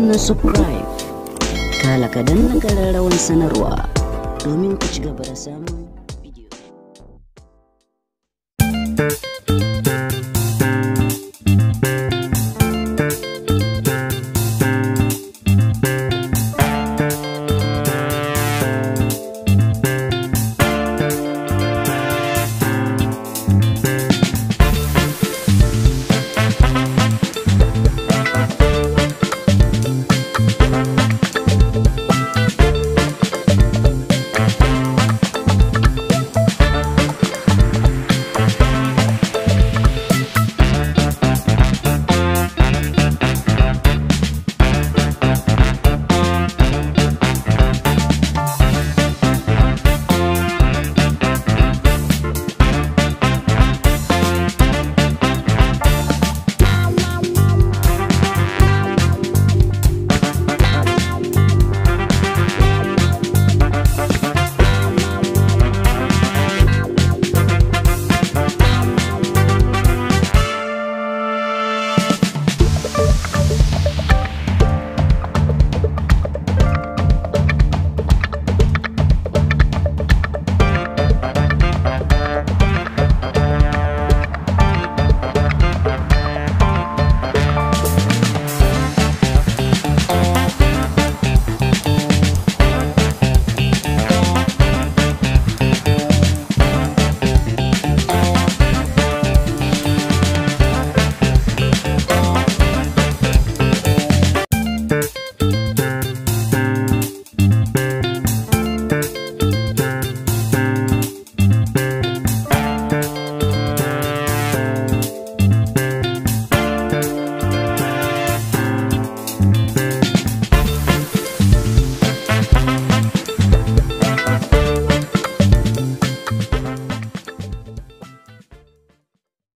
na subscribe kala ka na rawan sanarwa domin ku ci gaba da samun you